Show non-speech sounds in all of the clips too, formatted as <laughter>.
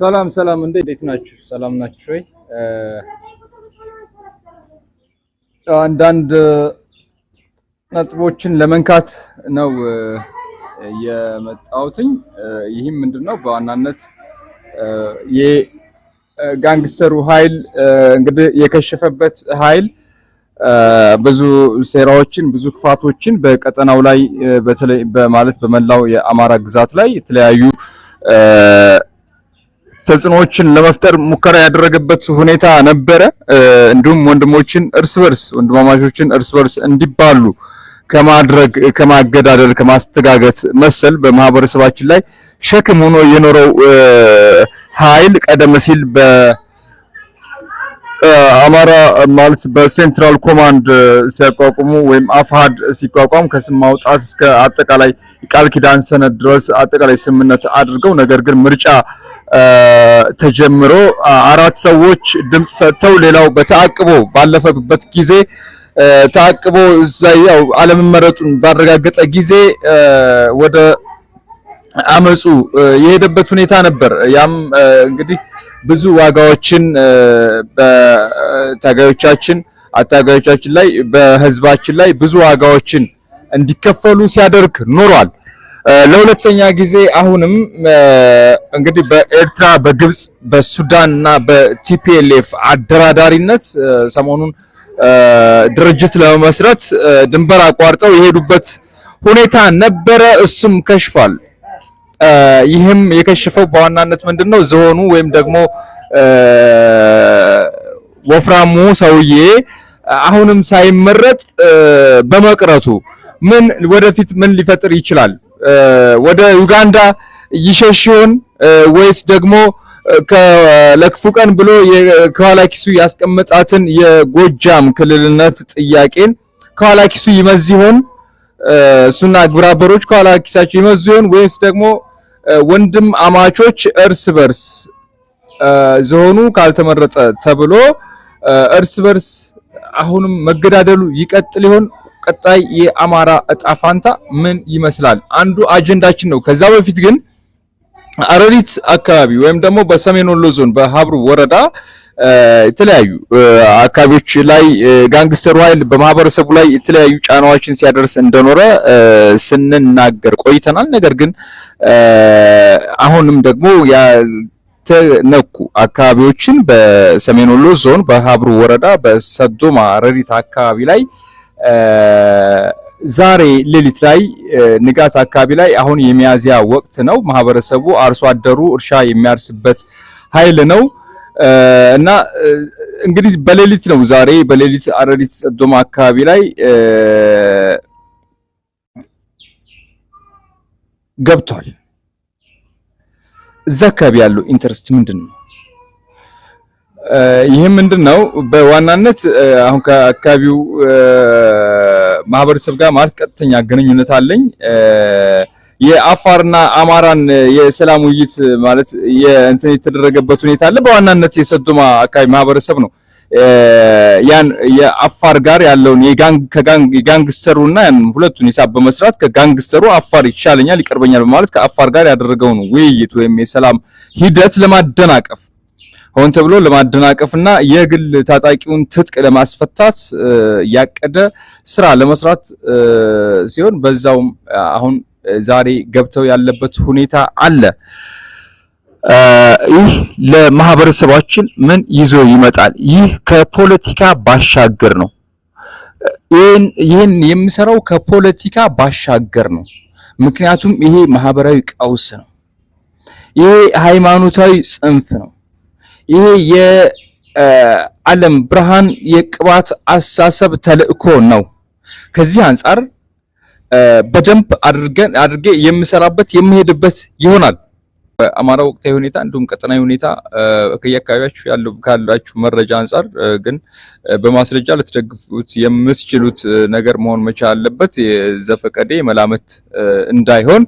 ሰላም ሰላም፣ እንዴት ናችሁ? ሰላም ናችሁ ወይ? አንዳንድ ነጥቦችን ለመንካት ነው የመጣሁትኝ። ይህም ምንድነው በዋናነት የጋንግስተሩ ኃይል እንግዲህ የከሸፈበት ኃይል ብዙ ሴራዎችን ብዙ ክፋቶችን በቀጠናው ላይ በተለይ በማለት በመላው የአማራ ግዛት ላይ የተለያዩ ተጽዕኖዎችን ለመፍጠር ሙከራ ያደረገበት ሁኔታ ነበረ። እንዲሁም ወንድሞችን እርስ በርስ ወንድማማቾችን እርስ በርስ እንዲባሉ ከማድረግ ከማገዳደል፣ ከማስተጋገት መሰል በማህበረሰባችን ላይ ሸክም ሆኖ የኖረው ኃይል ቀደም ሲል በአማራ ማለት በሴንትራል ኮማንድ ሲያቋቁሙ ወይም አፍሃድ ሲቋቋም ከስም ማውጣት እስከ አጠቃላይ ቃል ኪዳን ሰነድ ድረስ አጠቃላይ ስምምነት አድርገው ነገር ግን ምርጫ ተጀምሮ አራት ሰዎች ድምፅ ሰጥተው ሌላው በተአቅቦ ባለፈበት ጊዜ ተአቅቦ እዛ ያው አለመመረጡን ባረጋገጠ ጊዜ ወደ አመፁ የሄደበት ሁኔታ ነበር። ያም እንግዲህ ብዙ ዋጋዎችን በታጋዮቻችን አታጋዮቻችን ላይ በህዝባችን ላይ ብዙ ዋጋዎችን እንዲከፈሉ ሲያደርግ ኖሯል። ለሁለተኛ ጊዜ አሁንም እንግዲህ በኤርትራ በግብፅ በሱዳን እና በቲፒኤልኤፍ አደራዳሪነት ሰሞኑን ድርጅት ለመመስረት ድንበር አቋርጠው የሄዱበት ሁኔታ ነበረ። እሱም ከሽፏል። ይህም የከሸፈው በዋናነት ምንድን ነው? ዝሆኑ ወይም ደግሞ ወፍራሙ ሰውዬ አሁንም ሳይመረጥ በመቅረቱ ምን ወደፊት ምን ሊፈጥር ይችላል? ወደ ዩጋንዳ ይሸሽ ይሆን ወይስ ደግሞ ለክፉ ቀን ብሎ ከኋላ ኪሱ ያስቀመጣትን የጎጃም ክልልነት ጥያቄን ከኋላ ኪሱ ይመዝ ይሆን? እሱና ግብረ አበሮች ከኋላ ኪሳቸው ይመዝ ይሆን ወይስ ደግሞ ወንድም አማቾች እርስ በርስ ዝሆኑ ካልተመረጠ ተብሎ እርስ በርስ አሁንም መገዳደሉ ይቀጥል ይሆን? ቀጣይ የአማራ እጣ ፋንታ ምን ይመስላል አንዱ አጀንዳችን ነው። ከዛ በፊት ግን አረሪት አካባቢ ወይም ደግሞ በሰሜን ወሎ ዞን በሀብሩ ወረዳ የተለያዩ አካባቢዎች ላይ ጋንግስተሩ ኃይል በማህበረሰቡ ላይ የተለያዩ ጫናዎችን ሲያደርስ እንደኖረ ስንናገር ቆይተናል። ነገር ግን አሁንም ደግሞ ተነኩ አካባቢዎችን በሰሜን ወሎ ዞን በሀብሩ ወረዳ በሰዶማ ረሪት አካባቢ ላይ ዛሬ ሌሊት ላይ ንጋት አካባቢ ላይ አሁን የሚያዝያ ወቅት ነው። ማህበረሰቡ አርሶ አደሩ እርሻ የሚያርስበት ኃይል ነው እና እንግዲህ በሌሊት ነው ዛሬ በሌሊት አረሪት ጸዶማ አካባቢ ላይ ገብቷል። እዛ አካባቢ ያለው ኢንተረስት ምንድን ነው? ይህ ምንድን ነው? በዋናነት አሁን ከአካባቢው ማህበረሰብ ጋር ማለት ቀጥተኛ ግንኙነት አለኝ። የአፋርና አማራን የሰላም ውይይት ማለት የእንትን የተደረገበት ሁኔታ አለ። በዋናነት የሰዱማ አካባቢ ማህበረሰብ ነው ያን የአፋር ጋር ያለውን እና ያን ሁለቱን ሂሳብ በመስራት ከጋንግስተሩ አፋር ይሻለኛል፣ ይቀርበኛል በማለት ከአፋር ጋር ያደረገውን ውይይት ወይም የሰላም ሂደት ለማደናቀፍ ሆን ተብሎ ለማደናቀፍና የግል ታጣቂውን ትጥቅ ለማስፈታት ያቀደ ስራ ለመስራት ሲሆን በዛውም አሁን ዛሬ ገብተው ያለበት ሁኔታ አለ። ይህ ለማህበረሰባችን ምን ይዞ ይመጣል? ይህ ከፖለቲካ ባሻገር ነው። ይህን የምሰራው የሚሰራው ከፖለቲካ ባሻገር ነው። ምክንያቱም ይሄ ማህበራዊ ቀውስ ነው። ይሄ ሃይማኖታዊ ጽንፍ ነው። ይሄ የዓለም ብርሃን የቅባት አሳሰብ ተልእኮ ነው። ከዚህ አንጻር በደንብ አድርገን አድርጌ የምሰራበት የምሄድበት ይሆናል። በአማራ ወቅታዊ ሁኔታ እንዲሁም ቀጠናዊ ሁኔታ ከየአካባቢያችሁ ያለው ካላችሁ መረጃ አንጻር ግን በማስረጃ ልትደግፉት የምትችሉት ነገር መሆን መቻል አለበት። የዘፈቀዴ መላመት እንዳይሆን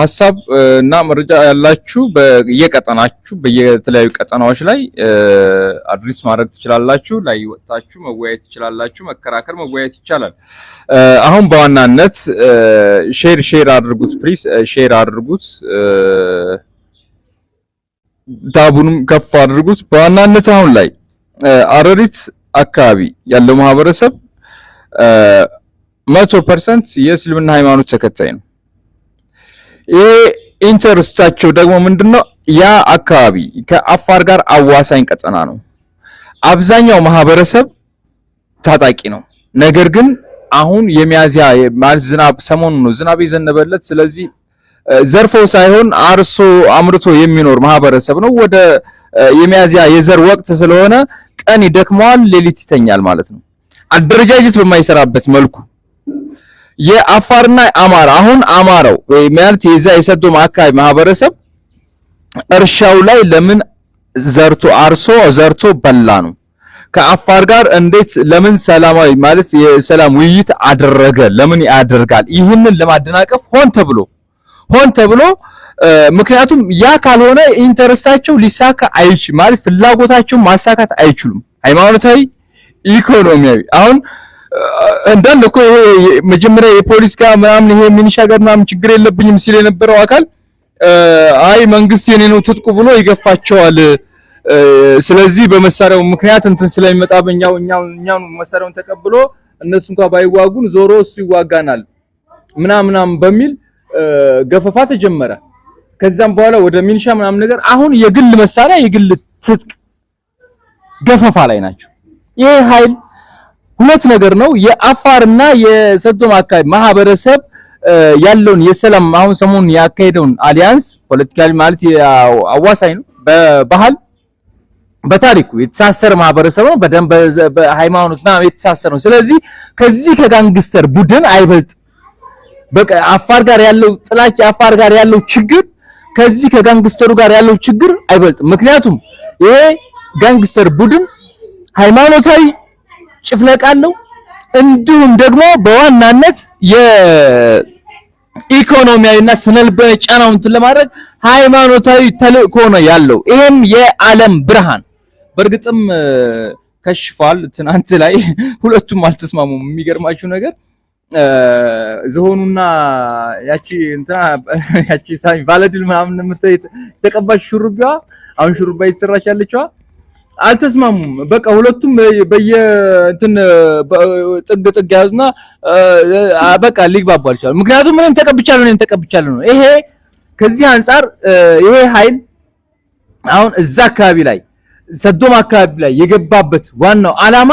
ሀሳብ እና መረጃ ያላችሁ በየቀጠናችሁ በየተለያዩ ቀጠናዎች ላይ አድሪስ ማድረግ ትችላላችሁ። ላይ ወጥታችሁ መወያየት ትችላላችሁ። መከራከር፣ መወያየት ይቻላል። አሁን በዋናነት ሼር ሼር አድርጉት፣ ፕሊስ ሼር አድርጉት። ታቡንም ከፍ አድርጉት። በዋናነት አሁን ላይ አረሪት አካባቢ ያለው ማህበረሰብ መቶ ፐርሰንት የእስልምና ሃይማኖት ተከታይ ነው። ይሄ ኢንተርስታቸው ደግሞ ምንድነው? ያ አካባቢ ከአፋር ጋር አዋሳኝ ቀጠና ነው። አብዛኛው ማህበረሰብ ታጣቂ ነው። ነገር ግን አሁን የሚያዚያ ማለት ዝናብ ሰሞኑ ነው ዝናብ የዘነበለት። ስለዚህ ዘርፎ ሳይሆን አርሶ አምርቶ የሚኖር ማህበረሰብ ነው። ወደ የሚያዚያ የዘር ወቅት ስለሆነ ቀን ይደክመዋል፣ ሌሊት ይተኛል ማለት ነው። አደረጃጀት በማይሰራበት መልኩ የአፋርና አማራ አሁን አማራው ማለት የዛ የሰዶም አካባቢ ማህበረሰብ እርሻው ላይ ለምን ዘርቶ አርሶ ዘርቶ በላ ነው። ከአፋር ጋር እንዴት ለምን ሰላማዊ ማለት የሰላም ውይይት አደረገ? ለምን ያደርጋል? ይህንን ለማደናቀፍ ሆን ተብሎ ሆን ተብሎ ምክንያቱም ያ ካልሆነ ኢንተረስታቸው ሊሳካ አይችልም ማለት ፍላጎታቸውን ማሳካት አይችሉም። ሃይማኖታዊ፣ ኢኮኖሚያዊ አሁን እንዳለ እኮ መጀመሪያ የፖሊስ ጋር ምናምን ይሄ ሚኒሻ ጋር ምናምን ችግር የለብኝም ሲል የነበረው አካል አይ መንግስት የኔ ነው ትጥቁ ብሎ ይገፋቸዋል። ስለዚህ በመሳሪያው ምክንያት እንትን ስለሚመጣ በእኛው እኛው እኛው መሳሪያውን ተቀብሎ እነሱ እንኳን ባይዋጉን ዞሮ እሱ ይዋጋናል ምናምን በሚል ገፈፋ ተጀመረ። ከዛም በኋላ ወደ ሚኒሻ ምናምን ነገር አሁን የግል መሳሪያ የግል ትጥቅ ገፈፋ ላይ ናቸው። ይሄ ኃይል ሁለት ነገር ነው። የአፋርና የሰዶም አካባቢ ማህበረሰብ ያለውን የሰላም አሁን ሰሞኑን ያካሄደውን አሊያንስ ፖለቲካሊ ማለት አዋሳኝ ነው። በባህል በታሪኩ የተሳሰረ ማህበረሰብ ነው። በደም በሃይማኖትና የተሳሰረ ነው። ስለዚህ ከዚህ ከጋንግስተር ቡድን አይበልጥ። በቃ አፋር ጋር ያለው ጥላቻ፣ አፋር ጋር ያለው ችግር ከዚህ ከጋንግስተሩ ጋር ያለው ችግር አይበልጥም። ምክንያቱም ይሄ ጋንግስተር ቡድን ሃይማኖታዊ ጭፍለቃ አለው። እንዲሁም ደግሞ በዋናነት የኢኮኖሚያዊና ስነልቦናዊ ጫናውን ለማድረግ ሃይማኖታዊ ተልእኮ ነው ያለው። ይሄም የዓለም ብርሃን በእርግጥም ከሽፏል። ትናንት ላይ <laughs> ሁለቱም አልተስማሙም። የሚገርማችሁ ነገር ዝሆኑና ያቺ እንትና <laughs> ያቺ ሳሚ ባለድል ምናምን የምትተቀባች ሹሩባ አሁን ሹሩባ የተሰራች ያለችዋ አልተስማሙም። በቃ ሁለቱም በየ እንትን ጥግ ጥግ ያዙና በቃ ሊግባቡ አልቻሉም። ምክንያቱም እኔም ተቀብቻለሁ እኔም ተቀብቻለሁ ነው። ይሄ ከዚህ አንጻር ይሄ ኃይል አሁን እዛ አካባቢ ላይ ሰዶም አካባቢ ላይ የገባበት ዋናው አላማ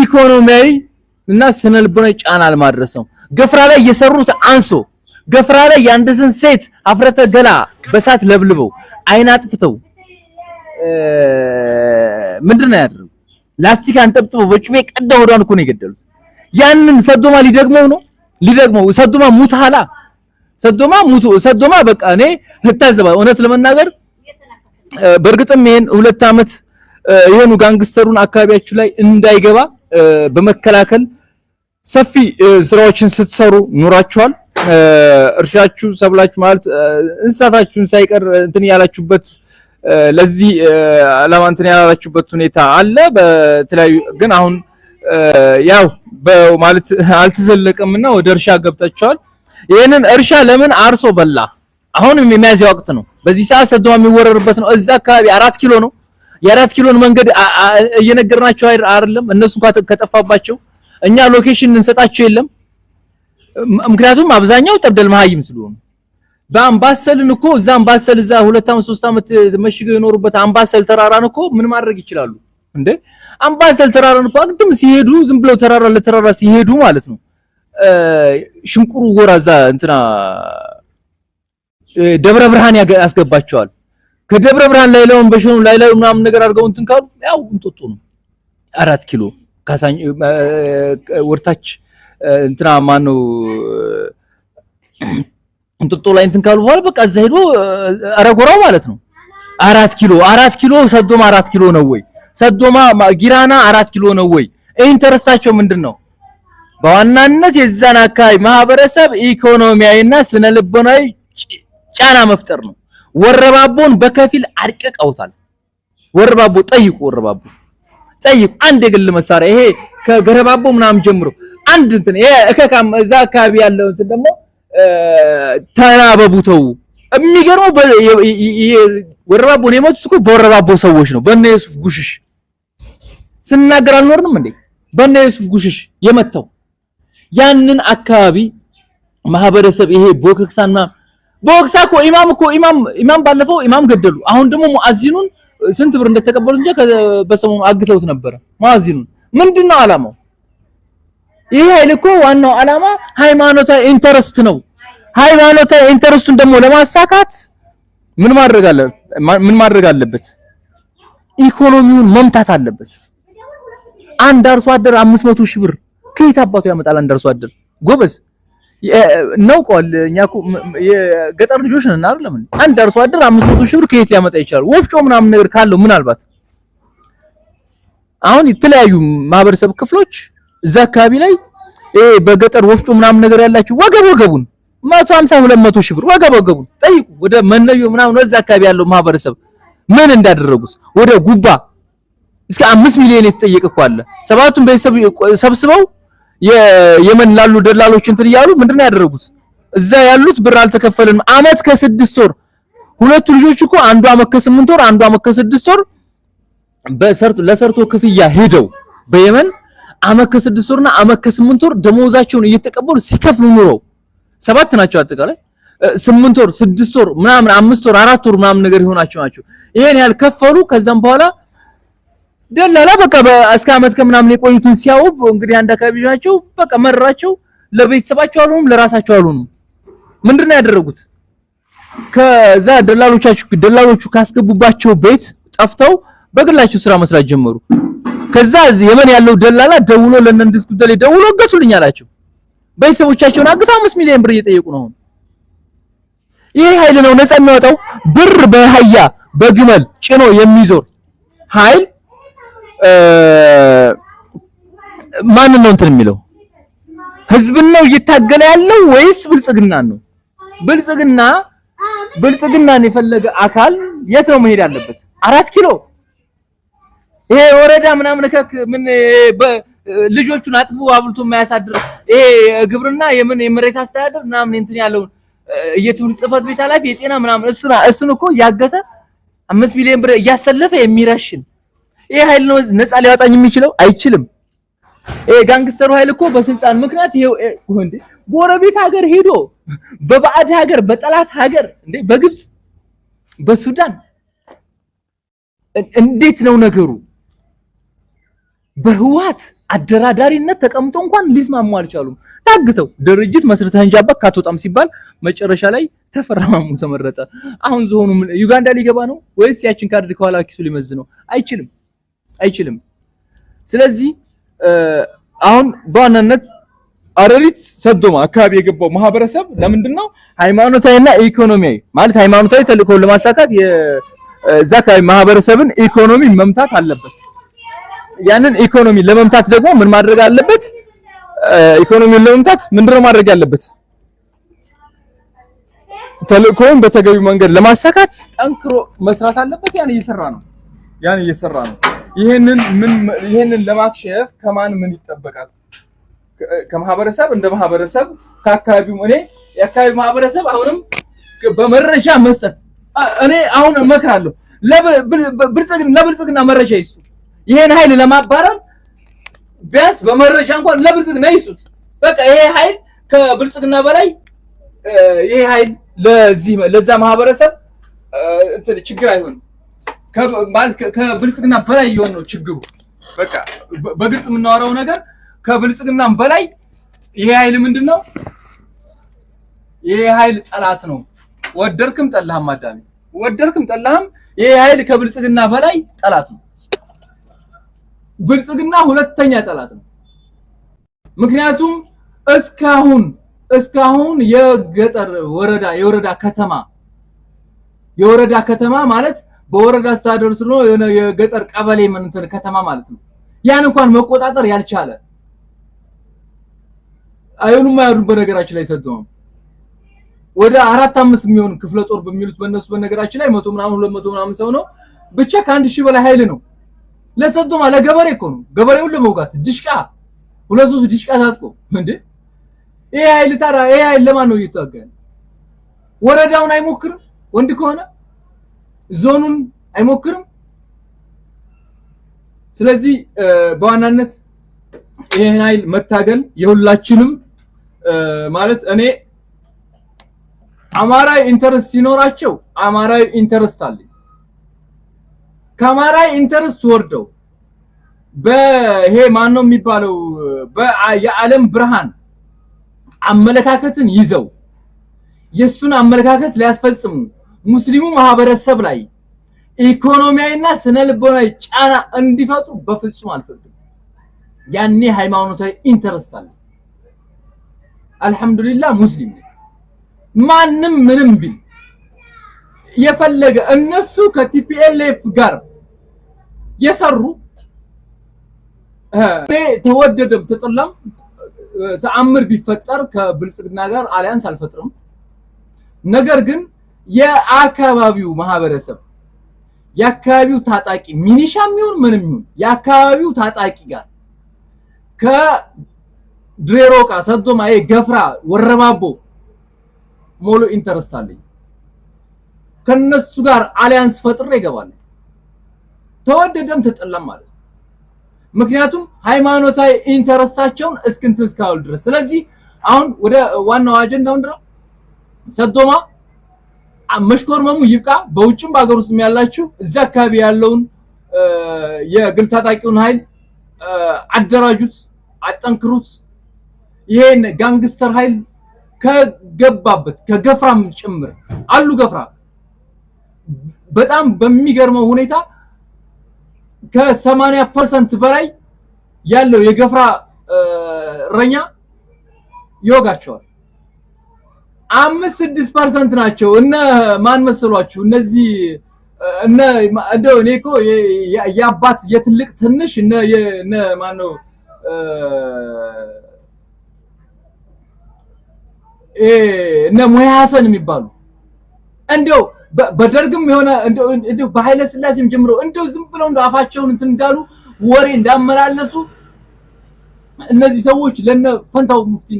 ኢኮኖሚያዊ እና ስነልቦናዊ ጫና ለማድረስ ነው። ገፍራ ላይ የሰሩት አንሶ ገፍራ ላይ የአንድስን ሴት አፍረተ ገላ በሳት ለብልበው አይን አጥፍተው ምንድን ነው ያደረጉት? ላስቲክ አንጠብጥበው በጩቤ ቀደ ሆዷን እኮ ነው የገደሉት። ያንን ሰዶማ ሊደግመው ነው ሊደግመው ሰዶማ ሙት ሀላ ሰዶማ ሙቱ ሰዶማ በቃ እኔ እታዘባ እውነት ለመናገር በእርግጥም ይሄን ሁለት ዓመት የሆኑ ጋንግስተሩን አካባቢያችሁ ላይ እንዳይገባ በመከላከል ሰፊ ስራዎችን ስትሰሩ ኑራችኋል። እርሻችሁ፣ ሰብላችሁ ማለት እንስሳታችሁን ሳይቀር እንትን ያላችሁበት ለዚህ አላማንትን ያላላችሁበት ሁኔታ አለ። በተለያዩ ግን አሁን ያው ማለት አልተዘለቀም እና ወደ እርሻ ገብታችኋል። ይህንን እርሻ ለምን አርሶ በላ? አሁን የሚያዝያ ወቅት ነው። በዚህ ሰዓት ሰድዋ የሚወረርበት ነው። እዛ አካባቢ አራት ኪሎ ነው። የአራት ኪሎን መንገድ እየነገርናቸው አይደለም። እነሱ እንኳን ከጠፋባቸው እኛ ሎኬሽን እንሰጣቸው የለም። ምክንያቱም አብዛኛው ጠብደል መሀይም ስለሆኑ በአምባሰልን እኮ እዛ አምባሰል እዛ ሁለት አመት ሶስት አመት መሽገው የኖሩበት አምባሰል ተራራን እኮ ምን ማድረግ ይችላሉ እንዴ? አምባሰል ተራራን እኮ አግድም ሲሄዱ ዝም ብለው ተራራ ለተራራ ሲሄዱ ማለት ነው ሽንቁሩ ጎራ እዛ እንትና ደብረ ብርሃን ያስገባቸዋል። ከደብረ ብርሃን ላይ ላዩን በሽኑ ላይ ላዩ ምናምን ነገር አድርገው እንትን ካሉ ያው እንጦጦ ነው። አራት ኪሎ ካሳኝ ወርታች እንትና ማነው እንጥጦ ላይ እንትን ካሉ በኋላ በቃ እዛ ሄዶ አረጎራው ማለት ነው። አራት ኪሎ አራት ኪሎ ሰዶማ አራት ኪሎ ነው ወይ ሰዶማ ጊራና አራት ኪሎ ነው ወይ? ኢንተረስታቸው ምንድን ነው? በዋናነት የዛን አካባቢ ማህበረሰብ ኢኮኖሚያዊና ስነ ልቦናዊ ጫና መፍጠር ነው። ወረባቦን በከፊል አድቅቀውታል። ወረባቦ ጠይቁ፣ ወረባቦ ጠይቁ። አንድ የግል መሳሪያ ይሄ ከገረባቦ ምናምን ጀምሮ አንድ እንትን ይሄ እከካም እዛ አካባቢ ያለው እንትን ደግሞ ተናበቡተው የሚገርመው ወረባቦ ነው የመጡት እኮ በወረባቦ ሰዎች ነው። በእነ የሱፍ ጉሽሽ ስናገር አልኖርንም እንዴ? በእነ የሱፍ ጉሽሽ የመተው ያንን አካባቢ ማህበረሰብ ይሄ ቦክሳና ቦክሳ እኮ ኢማም እኮ ኢማም ኢማም ባለፈው ኢማም ገደሉ። አሁን ደግሞ ሙአዚኑን ስንት ብር እንደተቀበሉት እንጂ በሰሞኑ አግተውት ነበረ ሙአዚኑን ምንድነው አላማው? ይህ ኃይል እኮ ዋናው ዓላማ ሃይማኖታዊ ኢንተረስት ነው። ሃይማኖታዊ ኢንተረስቱን ደግሞ ለማሳካት ምን ማድረግ ምን ማድረግ አለበት? ኢኮኖሚውን መምታት አለበት። አንድ አርሶ አደር 500 ሺህ ብር ከየት አባቱ ያመጣል? አንድ አርሶ አደር ጎበዝ ነው ቆል የገጠር ልጆች ነን ለምን አንድ አርሶ አደር 500 ሺህ ብር ከየት ሊያመጣ ይችላል? ወፍጮ ምናምን ነገር ካለው ምናልባት አሁን የተለያዩ ማህበረሰብ ክፍሎች እዛ አካባቢ ላይ ይሄ በገጠር ወፍጮ ምናምን ነገር ያላችሁ ወገብ ወገቡን 150 200 ሺህ ብር ወገብ ወገቡን ጠይቁ። ወደ መነዮ ምናምን እዛ አካባቢ ያለው ማህበረሰብ ምን እንዳደረጉት ወደ ጉባ እስከ አምስት ሚሊዮን የተጠየቀ እኮ አለ። ሰባቱን ቤተሰብ ሰብስበው የየመን ላሉ ደላሎች እንትን እያሉ ምንድነው ያደረጉት? እዛ ያሉት ብር አልተከፈለንም። አመት ከስድስት ወር ሁለቱ ልጆች እኮ አንዱ አመት ከስምንት ወር አንዱ አመት ከስድስት ወር በሰርቶ ለሰርቶ ክፍያ ሄደው በየመን አመት ከስድስት ወርና አመት ከስምንት ወር ደሞዛቸውን እየተቀበሉ ሲከፍሉ ኑረው ሰባት ናቸው አጠቃላይ ስምንት ወር ስድስት ወር ምናምን አምስት ወር አራት ወር ምናምን ነገር የሆናቸው ናቸው። ይሄን ያህል ከፈሉ። ከዛም በኋላ ደላላ በቃ እስከ አመት ከምናምን የቆዩትን ሲያው እንግዲህ አንድ አካባቢ ናቸው። በቃ መረራቸው። ለቤተሰባቸው አልሆኑም፣ ለራሳቸው አልሆኑም። ምንድነው ያደረጉት? ከዛ ደላሎቻቸው ደላሎቹ ካስገቡባቸው ቤት ጠፍተው በግላቸው ስራ መስራት ጀመሩ። ከዛ የመን ያለው ደላላ ደውሎ ለነንድስ ጉዳይ ደውሎ እገቱልኝ አላቸው። ቤተሰቦቻቸውን አግተው አምስት ሚሊዮን ብር እየጠየቁ ነው። ይሄ ኃይል ነው ነፃ የሚያወጣው ብር በአህያ በግመል ጭኖ የሚዞር ኃይል ማንን ነው እንትን የሚለው ህዝብን ነው እየታገለ ያለው ወይስ ብልጽግና ነው? ብልጽግና ብልጽግናን የፈለገ አካል የት ነው መሄድ ያለበት? አራት ኪሎ ይሄ ወረዳ ምናምን ከክ ምን ልጆቹን አጥቦ አብልቶ የማያሳድር ይሄ ግብርና የምን የመሬት አስተዳደር ምናምን እንትን ያለውን የትምህርት ጽህፈት ቤት ኃላፊ የጤና ምናምን እሱን እሱን እኮ እያገዘ አምስት ሚሊዮን ብር እያሰለፈ የሚረሽን ይሄ ኃይል ነው ነፃ ሊያወጣኝ የሚችለው አይችልም። ይሄ ጋንግስተሩ ኃይል እኮ በስልጣን ምክንያት ይሄ እንዴ ጎረቤት ሀገር ሄዶ በባዕድ ሀገር በጠላት ሀገር እንዴ በግብፅ በሱዳን እንዴት ነው ነገሩ? በህወሓት አደራዳሪነት ተቀምጦ እንኳን ሊስማሙ አልቻሉም። ታግተው ድርጅት መስርተህ እንጂ አባት ካትወጣም ሲባል መጨረሻ ላይ ተፈራማሙ ተመረጠ። አሁን ዝሆኑ ዩጋንዳ ሊገባ ነው ወይስ ያችን ካርድ ከኋላ ኪሱ ሊመዝ ነው? አይችልም፣ አይችልም። ስለዚህ አሁን በዋናነት አረሪት ሰዶማ አካባቢ የገባው ማህበረሰብ ለምንድን ነው ሃይማኖታዊና ኢኮኖሚያዊ ማለት ሃይማኖታዊ ተልእኮውን ለማሳካት የዛ አካባቢ ማህበረሰብን ኢኮኖሚ መምታት አለበት። ያንን ኢኮኖሚ ለመምታት ደግሞ ምን ማድረግ አለበት? ኢኮኖሚውን ለመምታት ምንድነው ማድረግ ያለበት? ተልእኮውን በተገቢው መንገድ ለማሳካት ጠንክሮ መስራት አለበት። ያን እየሰራ ነው። ያን እየሰራ ነው። ይሄንን ምን ይሄንን ለማክሸፍ ከማን ምን ይጠበቃል? ከማህበረሰብ እንደ ማህበረሰብ ከአካባቢው እኔ የአካባቢ ማህበረሰብ አሁንም በመረጃ መስጠት እኔ አሁን እመክራለሁ ለብልጽግና ለብልጽግና መረጃ ይስጡ። ይሄን ኃይል ለማባረር ቢያንስ በመረጃ እንኳን ለብልጽግና ይሱት። በቃ ይሄ ኃይል ከብልጽግና በላይ ይሄ ኃይል ለዚህ ለዛ ማህበረሰብ እንትን ችግር አይሆንም። ከብልጽግና በላይ እየሆነ ነው ችግሩ። በቃ በግልጽ የምናወራው ነገር ከብልጽግናም በላይ ይሄ ኃይል ምንድን ነው? ይሄ ኃይል ጠላት ነው። ወደርክም ጠላህም፣ አዳሚ ወደርክም ጠላህም፣ ይሄ ኃይል ከብልጽግና በላይ ጠላት ነው። ብልጽግና ሁለተኛ ጠላት ነው። ምክንያቱም እስካሁን እስካሁን የገጠር ወረዳ የወረዳ ከተማ የወረዳ ከተማ ማለት በወረዳ አስተዳደር ስለሆነ የገጠር ቀበሌ ምን እንትን ከተማ ማለት ነው። ያን እንኳን መቆጣጠር ያልቻለ አይሆኑም አያዱም። በነገራችን ላይ ሰጥተው ወደ አራት አምስት የሚሆን ክፍለ ጦር በሚሉት በእነሱ በነገራችን ላይ መቶ ምናምን ሁለት መቶ ምናምን ሰው ነው ብቻ ከአንድ ሺህ በላይ ኃይል ነው ለሰዶማ ለገበሬ እኮ ነው። ገበሬውን ለመውጋት ድሽቃ ሁለት ሶስት ድሽቃ ታጥቆ እንዴ! ይሄ ኃይል ታዲያ ይሄ ኃይል ለማን ነው እየተዋጋ ወረዳውን አይሞክርም? ወንድ ከሆነ ዞኑን አይሞክርም? ስለዚህ በዋናነት ይሄን ኃይል መታገል የሁላችንም ማለት እኔ አማራዊ ኢንተረስት ሲኖራቸው አማራዊ ኢንተረስት አለ ከአማራ ኢንተረስት ወርደው በሄ ማን ነው የሚባለው የዓለም ብርሃን አመለካከትን ይዘው የሱን አመለካከት ሊያስፈጽሙ ሙስሊሙ ማህበረሰብ ላይ ኢኮኖሚያዊና ስነ ልቦናዊ ጫና እንዲፈጥሩ በፍጹም አልፈቅድም። ያኔ ሃይማኖታዊ ኢንተረስት አለ። አልሐምዱሊላህ ሙስሊም ነኝ። ማንም ምንም ቢል የፈለገ እነሱ ከቲፒኤልኤፍ ጋር የሰሩ ተወደደም ተጠላም ተአምር ቢፈጠር ከብልጽግና ጋር አሊያንስ አልፈጥርም። ነገር ግን የአካባቢው ማህበረሰብ የአካባቢው ታጣቂ ሚኒሻም ይሁን ምንም ይሁን የአካባቢው ታጣቂ ጋር ከድሬሮቃ፣ ሰዶማዬ፣ ገፍራ፣ ወረባቦ ሞሎ ኢንተረስት አለኝ ከነሱ ጋር አሊያንስ ፈጥሬ ይገባል። ተወደደም ተጠላም ማለት ነው። ምክንያቱም ሃይማኖታዊ ኢንተረሳቸውን እስክንት እስካሉ ድረስ ስለዚህ አሁን ወደ ዋናው አጀንዳ እንደው ሰዶማ መሽኮርመሙ ይብቃ። በውጭም በአገር ውስጥ ያላችሁ እዛ አካባቢ ያለውን የግል ታጣቂውን ኃይል አደራጁት፣ አጠንክሩት። ይሄን ጋንግስተር ኃይል ከገባበት ከገፍራም ጭምር አሉ ገፍራ በጣም በሚገርመው ሁኔታ ከ ፐርሰንት በላይ ያለው የገፍራ እረኛ ይወጋቸዋል። አምስት ስድስት ፐርሰንት ናቸው እነ ማን መሰሏችሁ? እነዚህ እነ እንደው እኔ እኮ የአባት የትልቅ ትንሽ እነ እነ ማን ነው እነ ሙያ ሀሰን የሚባሉ እንደው በደርግም የሆነ በኃይለ ስላሴም ጀምሮ እንደው ዝም ብለው እንደው አፋቸውን እንትን እንዳሉ ወሬ እንዳመላለሱ እነዚህ ሰዎች ለነ ፈንታው ሙፍቲ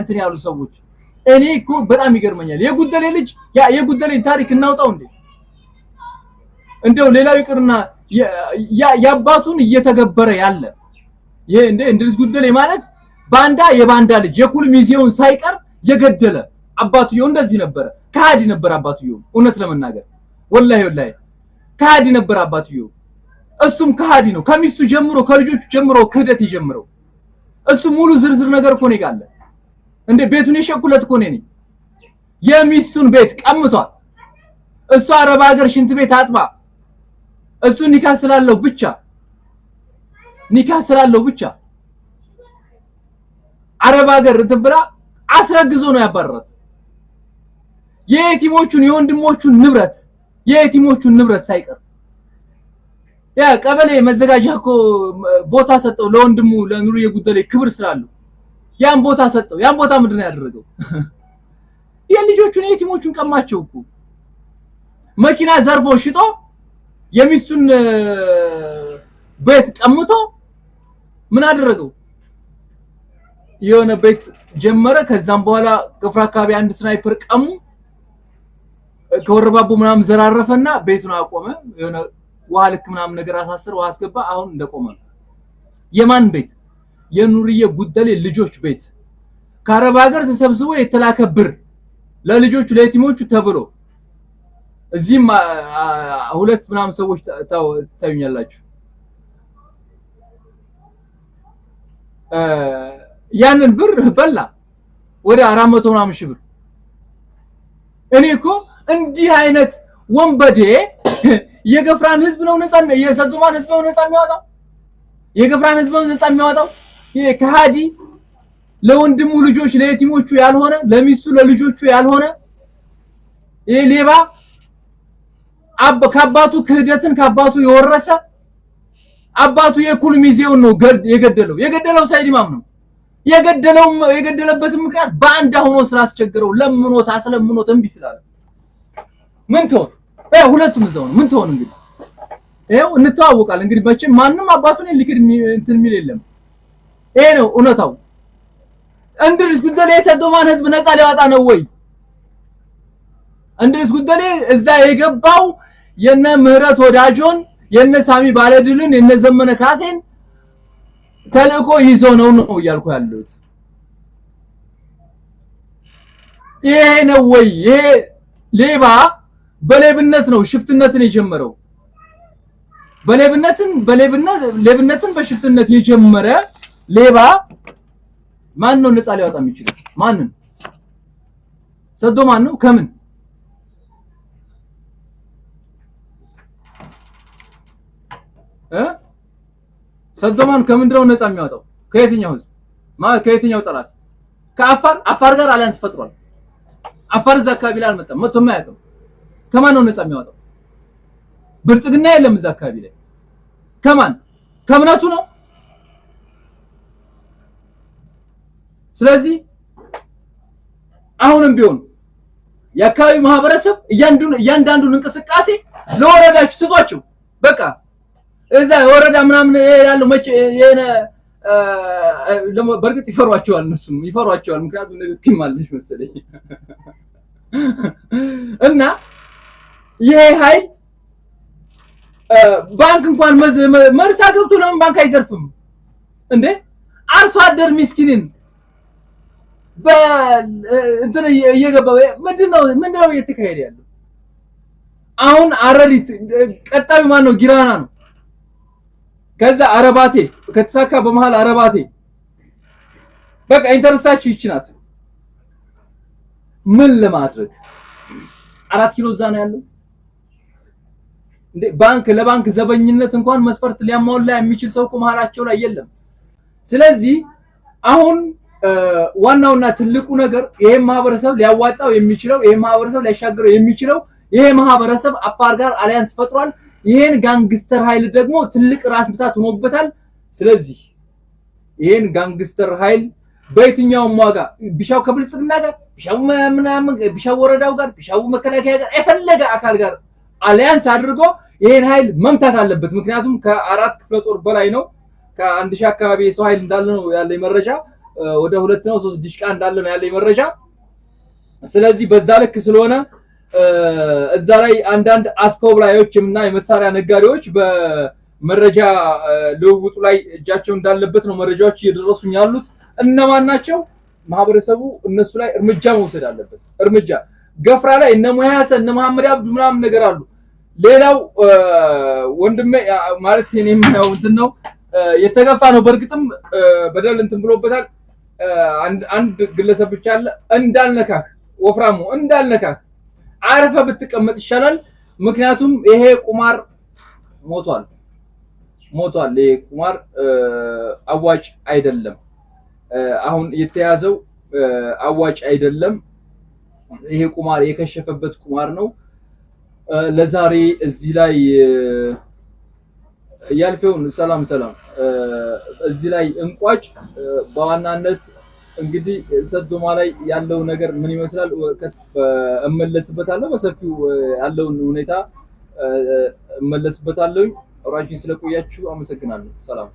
እንትን ያሉ ሰዎች እኔ እኮ በጣም ይገርመኛል። የጉደሌ ልጅ ያ የጉደሌ ታሪክ እናውጣው እንዴ! እንደው ሌላው ይቅርና የአባቱን እየተገበረ ያለ ይሄ እንዴ እንድርስ ጉደሌ ማለት ባንዳ የባንዳ ልጅ የኩል ሚዜውን ሳይቀር የገደለ አባቱ እንደዚህ ነበረ። ከሃዲ ነበር አባትዮ እውነት ለመናገር ወላሂ ወላሂ ከሃዲ ነበር አባትዮ እሱም ከሃዲ ነው ከሚስቱ ጀምሮ ከልጆቹ ጀምሮ ክህደት የጀምረው እሱ ሙሉ ዝርዝር ነገር እኮ ነው ጋለ እንዴ ቤቱን የሸኩለት እኮ ነኝ የሚስቱን ቤት ቀምቷል። እሱ አረብ ሀገር ሽንት ቤት አጥባ እሱ ኒካ ስላለው ብቻ ኒካ ስላለው ብቻ አረብ ሀገር እንትን ብላ አስረግዞ ነው ያባረራት። የየቲሞቹን የወንድሞቹን ንብረት የየቲሞቹን ንብረት ሳይቀር ያ ቀበሌ መዘጋጃ እኮ ቦታ ሰጠው ለወንድሙ ለኑሩ የጉደሌ ክብር ስላለው ያን ቦታ ሰጠው። ያን ቦታ ምንድን ነው ያደረገው? <laughs> የልጆቹን የቲሞቹን ቀማቸው እኮ መኪና ዘርፎ ሽጦ የሚስቱን ቤት ቀምቶ ምን አደረገው? የሆነ ቤት ጀመረ። ከዛም በኋላ ገፍራ አካባቢ አንድ ስናይፐር ቀሙ። ከወረባቦ ምናምን ዘራረፈና ቤቱን አቆመ። የሆነ ውሃ ልክ ምናምን ነገር አሳስር ውሃ አስገባ። አሁን እንደቆመ ነው። የማን ቤት? የኑርዬ ጉደሌ ልጆች ቤት። ከአረብ ሀገር ተሰብስቦ የተላከ ብር ለልጆቹ ለየቲሞቹ ተብሎ እዚህም ሁለት ምናምን ሰዎች ታዩኛላችሁ። ያንን ብር በላ ወደ አራት መቶ ምናምን ሺህ ብር እኔ እኮ እንዲህ አይነት ወንበዴ የገፍራን ህዝብ ነው ነፃ የሰዱማን ህዝብ ነው ነፃ የሚያወጣው የገፍራን ህዝብ ነው ነፃ የሚያወጣው ይሄ ከሃዲ ለወንድሙ ልጆች ለየቲሞቹ ያልሆነ ለሚስቱ ለልጆቹ ያልሆነ ይሄ ሌባ አባ ከአባቱ ክህደትን ከአባቱ የወረሰ አባቱ የኩል ሚዜውን ነው የገደለው። የገደለው ሳይድ ኢማም ነው የገደለው። የገደለበትም ምክንያት በአንድ ሆኖ ስላስቸገረው ለምኖት አስለምኖት እምቢ ስላለ ምን ትሆን? ሁለቱም እዛው ነው። ምን ትሆን እንግዲህ ይኸው እንተዋወቃል። እንግዲህ መቼም ማንም አባቱን ሊክድ እንትን የሚል የለም። ይሄ ነው እውነታው። እንድሪስ ጉደሌ የሰዶማን ህዝብ ነፃ ሊያወጣ ነው ወይ? እንድሪስ ጉደሌ እዛ የገባው የነ ምህረት ወዳጆን የነ ሳሚ ባለድልን የነ ዘመነ ካሴን ተልእኮ ይዞ ነው ነው እያልኩ ያለሁት። ይሄ ነው ወይ ይሄ ሌባ በሌብነት ነው ሽፍትነትን የጀመረው። በሌብነትን በሌብነት ሌብነትን በሽፍትነት የጀመረ ሌባ ማን ነው ነፃ ሊያወጣ የሚችለው? ማንን ሰዶ ማን ነው ከምን እ ሰዶ ማን ከምንድን ነው ነፃ የሚያወጣው? ከየትኛው ህዝብ ከየትኛው ጠላት? ከአፋር አፋር ጋር አሊያንስ ፈጥሯል። አፋር እዛ አካባቢ ላይ አልመጣም መጥቶም አያውቅም። ከማን ነው ነፃ የሚያወጣው? ብልጽግና የለም እዛ አካባቢ ላይ ከማን ከእምነቱ ነው። ስለዚህ አሁንም ቢሆን የአካባቢ ማህበረሰብ እያንዳንዱን እንቅስቃሴ ለወረዳችሁ ስጧቸው። በቃ እዛ ወረዳ ምናምን ያለው መቼ የነ በእርግጥ ይፈሯቸዋል፣ እነሱም ይፈሯቸዋል። ምክንያቱም ንግግር ማለሽ መሰለኝ እና ይሄ ኃይል ባንክ እንኳን መርሳ ገብቶ ለምን ባንክ አይዘርፍም እንዴ? አርሶ አደር ሚስኪንን እንትን እየገባ ምንድነው ምንድነው እየተካሄደ ያለው? አሁን አረሪት ቀጣዩ ማን ነው? ጊራና ነው። ከዛ አረባቴ ከተሳካ በመሃል አረባቴ በቃ ኢንተረስታችሁ ይቺ ናት። ምን ለማድረግ አራት ኪሎ እዛ ነው ያለው ባንክ ለባንክ ዘበኝነት እንኳን መስፈርት ሊያሟላ የሚችል ሰው እኮ መሀላቸው ላይ የለም። ስለዚህ አሁን ዋናውና ትልቁ ነገር ይሄ ማህበረሰብ ሊያዋጣው የሚችለው ይሄ ማህበረሰብ ሊያሻገረው የሚችለው ይሄ ማህበረሰብ አፋር ጋር አሊያንስ ፈጥሯል። ይሄን ጋንግስተር ኃይል ደግሞ ትልቅ ራስ ምታት ሆኖበታል። ስለዚህ ይሄን ጋንግስተር ኃይል በየትኛውም ዋጋ ቢሻው ከብልጽግና ጋር ቢሻው ምናምን ቢሻው ወረዳው ጋር ቢሻው መከላከያ ጋር የፈለገ አካል ጋር አሊያንስ አድርጎ ይህን ኃይል መምታት አለበት። ምክንያቱም ከአራት ክፍለ ጦር በላይ ነው። ከአንድ ሺህ አካባቢ የሰው ኃይል እንዳለ ነው ያለኝ መረጃ። ወደ ሁለት ነው ሶስት ዲሽቃ እንዳለ ነው ያለኝ መረጃ። ስለዚህ በዛ ልክ ስለሆነ እዛ ላይ አንዳንድ አስኮብላዮች እና የመሳሪያ ነጋዴዎች በመረጃ ልውውጡ ላይ እጃቸው እንዳለበት ነው መረጃዎች እየደረሱኝ ያሉት። እነማን ናቸው? ማህበረሰቡ እነሱ ላይ እርምጃ መውሰድ አለበት። እርምጃ ገፍራ ላይ እነ ሙያሰ እነ መሐመድ አብዱ ምናምን ነገር አሉ ሌላው ወንድሜ ማለት እኔ የምናየው እንትን ነው የተገፋ ነው። በእርግጥም በደል እንትን ብሎበታል። አንድ ግለሰብ ብቻ አለ እንዳልነካክ፣ ወፍራሙ እንዳልነካክ አርፈ ብትቀመጥ ይሻላል። ምክንያቱም ይሄ ቁማር ሞቷል ሞቷል። ይሄ ቁማር አዋጭ አይደለም። አሁን የተያዘው አዋጭ አይደለም። ይሄ ቁማር የከሸፈበት ቁማር ነው። ለዛሬ እዚህ ላይ ያልፈውን ሰላም ሰላም እዚህ ላይ እንቋጭ። በዋናነት እንግዲህ ሰዶማ ላይ ያለው ነገር ምን ይመስላል እመለስበታለሁ። በሰፊው ያለውን ሁኔታ እመለስበታለሁ። ራጅን ስለቆያችሁ አመሰግናለሁ። ሰላም